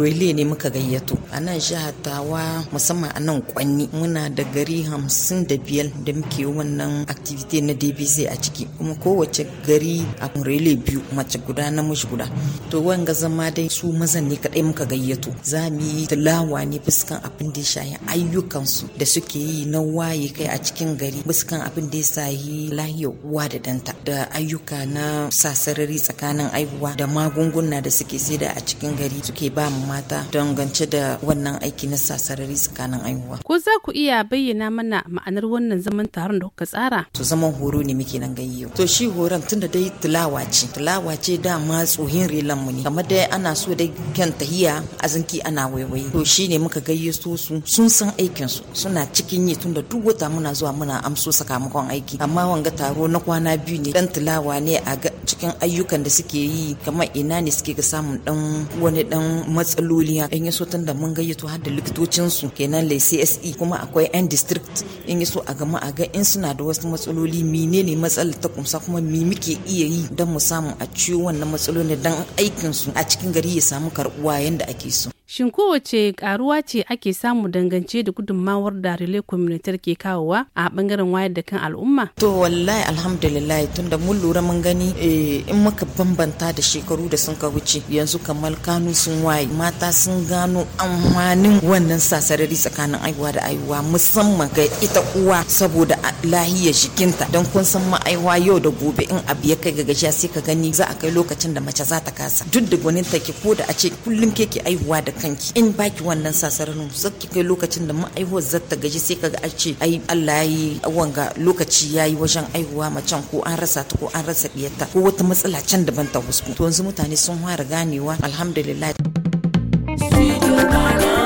Ruele ne muka gayyato a nan jihar tawa musamman a nan kwanni muna da gari hamsin da biyar da muke wannan activity na dbc a ciki kuma kowace gari a Ruele biyu mace guda na namiji guda to wanga zama dai su mazan ne kadai muka gayyato za mu yi tilawa ne fuskan abin da ya ayyukan ayyukansu da suke yi na waye kai a cikin gari fuskan abin da ya sahi lahiyar uwa da danta da ayyuka na sa sarari tsakanin aihuwa da magunguna da suke da a cikin gari suke ba mu mata dangance da wannan aiki na sasarari tsakanin aihuwa. Ko za ku iya bayyana mana ma'anar wannan zaman taron da kuka tsara? To zaman horo ne muke nan gayyo. To shi horon tunda dai tulawa ce. Tulawa ce dama tsohin relan mu ne. Kamar dai ana so dai kyan tahiya azinki ana waiwayi To shi ne muka gayyo su sun san aikin su suna cikin yi tunda duk wata muna zuwa muna amso sakamakon aiki. Amma wanga taro na kwana biyu ne dan tulawa ne a cikin ayyukan da suke yi kamar ina ne suke ga samun dan wani dan matsaloli in yaso tun da mun gayyato har da likitocin su kenan lai CSE kuma akwai 'yan district in yaso a gama a ga in suna da wasu matsaloli menene matsalar ta kumsa kuma me muke iya yi don mu samu a ciwo na matsaloli don aikinsu a cikin gari ya samu karbuwa yanda ake so. Shin kowace karuwa ce ake samu dangance da gudunmawar da Relay Communitar ke kawowa a bangaren wayar da kan al'umma? To wallahi alhamdulillah tunda mun lura mun gani eh, in muka bambanta da shekaru da sun ka wuce yanzu kamar kanu sun waye mata sun gano amfanin wannan sasarari tsakanin aiwa da aiwa musamman ga ita uwa saboda lahiyar jikinta don kun san ma'aiwa yau da gobe in abu ya kai ga gajiya sai ka gani za a kai lokacin da mace za ta kasa duk da gwanin take ko da a ce kullum keke aiwa da kanki in baki wannan sasarin zaki kai lokacin da ma'aihuwar zata gaji sai kaga a ce ai Allah yayi wanga lokaci yayi wajen aihuwa macen ko an rasa ta ko an rasa diyarta ko wata matsala can daban ta wasu to yanzu mutane sun fara ganewa alhamdulillah